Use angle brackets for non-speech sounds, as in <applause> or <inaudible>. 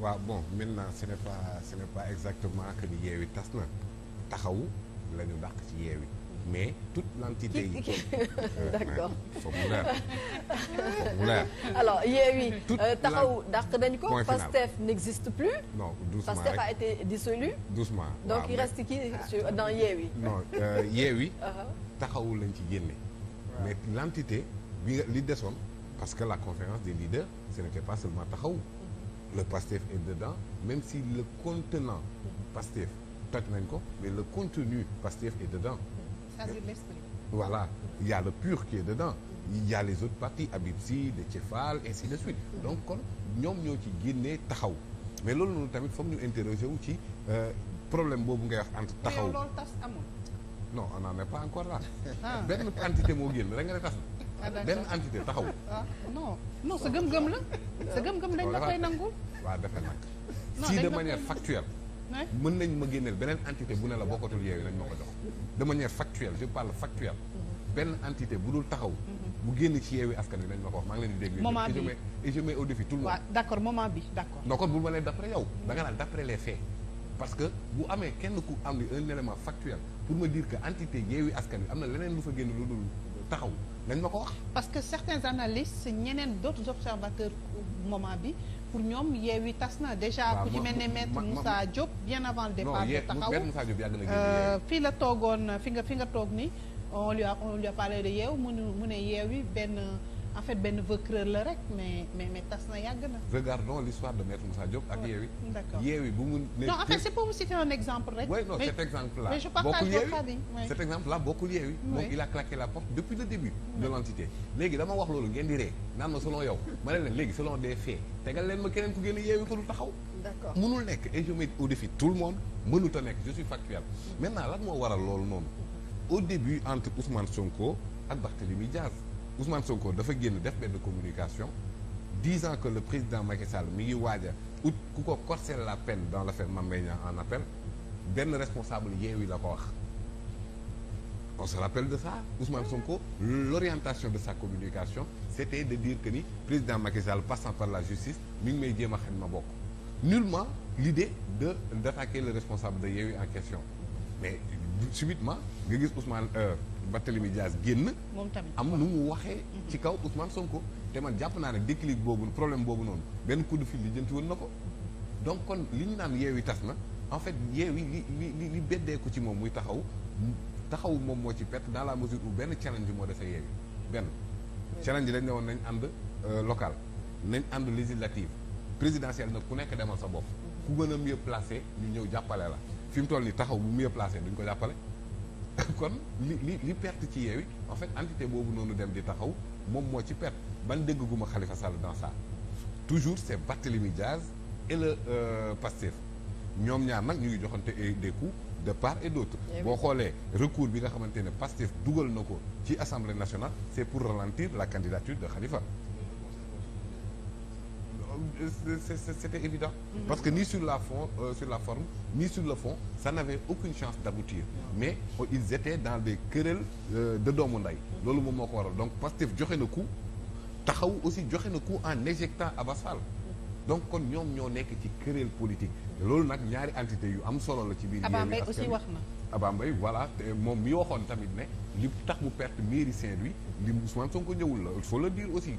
waaw bon maintenant ce n'est pas ce n'est pas exactement que ni yeewi tas na taxawu la ñu dàq ci yeewi mais toute l'entité yi. Euh, <laughs> d'accord foofu mu leer foofu mu leer. alors yeewi euh, taxaw dàq nañ ko. Pastef n'existe plus. non rek Pastef a été dissolu. doucement donc il reste qui dans yeewi. non euh, yeewi. <laughs> Uh-huh. taxawu lañ ci génne. mais l'entité bi li desoon parce que la conférence des leaders ce n'était pas seulement taxawu. le Pastef de dedans même si le contenant Pastef toj nañ ko mais le contenu Pastef est dedans c'est-à-dire l'esprit voilà il y a le pur qui est dedans il y les autres partis Habib Sy Déthié Fall ainsi de suite donc kon ñoom ñoo ci génnee taxaw mais loolu noonu tamit foog ñu interroger wu ci euh, problème boobu ngay wax entre taxaw non on n'en est pas encore là ah. benn entité moo génn rek nga ne tas na Ah, benn entité taxawul. Ah, non non sa gëm-gëm la. sa gëm-gëm dañ la koy nangul. waaw dafa nag si de manière factuelle. mën nañ ma génneel beneen entité bu ne la bokkatul yeewu nañ ma ko jox. de manière factuelle je parle factuelle. Mm-hmm. benn entité bu dul taxaw. Mm-hmm. bu génn ci yeewi askan wi nañ ma ko wax maa ngi leen di dégg. moment bi et je mets au le monde. moment bi d' accord. kon bu ma nee d' yow mm-hmm. da nga naan d' après parce que bu amee kenn ku am un élément factuel pour me dire que entité yeewi askan am na leneen lu fa génn lu dul. taxaw nañ ma ko wax. parce que certains analystes ñeneen d'autres observateurs moment bi pour ñoom yi tas na déjà ku ci mel ne maître Moussa Diop bien avant le départ de taxaw euh, fii la toogoon fi nga fi nga toog ni on lui a on de Yewwi mu ne Yewwi benn en fait benn vœu la rek mais mais mais tas na yàgg na. regardons l'histoire de maître Moussa ak Yewwi. d'accord bu mu. ne non en fait c'est pour vous citer un exemple rek. bokkul Yewwi. oui moom il a claqué la porte depuis le début. Oui. de léegi dama wax loolu ngeen di ree naan ma selon yow ma ne leen léegi selon des faits tegal leen ma keneen ku génn Yewwi ko du taxaw. d'accord mënul nekk et je mets au défi tout le monde mënut a nekk je suis factuel. maintenant lan moo waral loolu noonu au début entre Ousmane Sonko ak Barthélémy Diaz. Ousmane Sonko dafa génn def benn communication disant que le président Macky Sall mi ngi waaj a ut ku ko corser la peine dans l'affaire Mame Mbaye Niang en appel benn responsable Yewwi la ko wax on se rappelle de ça Ousmane Sonko l'orientation de sa communication c'était de dire que ni président Macky Sall passant par la justice mi ngi may jéem a xañ ma bokk nullement l'idée de d'attaquer le responsable de Yewwi en question subitement nga gis Ousmane euh, Barthélémy Dias génn. moom tamit am nu mu waxee. ci kaw Ousmane ko te man jàpp naa ne déclic boobu problème boobu noonu benn coup de fil li jënti woon na ko donc kon li ñu naan yeewi tas na en fait yeewi li li li beddee ko ci moom muy taxaw taxawu moom moo ci perte dans la mesure où benn challenge moo dese yeewi benn. challenge dañ ne woon nañ ànd euh, local nañ ànd législative présidentielle nag ku nekk demal sa bopp. Mm-hmm. ku gën a mieux placé ñu ñëw jàppale la. fi mu toll nii taxaw bu mieux placé duñ ko jàppale <laughs> kon li li li perte ci yeewi en fait entité boobu noonu dem di taxaw moom moo ci perte ban déggaguma Khalifa Sall dans ça toujours c'est Barthélemy Diaz et le euh, Pastef ñoom ñaar nag ñu ngi joxante des coups de part et d'autre eh boo xoolee recours bi nga xamante ne Pastef dugal na ko ci assemblée nationale c'est pour ralentir la candidature de Khalifa c'était évident. Mhm. parce que ni sur la fond euh, sur la forme ni sur le fond ça n'avait aucune chance d'aboutir mais oh, ils étaient dans des querelles euh, de doomu nday loolu moom moo ko waral donc Pastef joxe na coup taxaw aussi joxe na coup en éjectant Abass Fall donc kon ñoom ñoo nekk ci querelle politique loolu nag ñaari entité yu am solo la ci biir Abba Mbaye aussi wax na moom mi waxoon tamit ne li tax mu perte mairie Saint-Louis li Ousmane Sonko ñëwul la il faut le aussi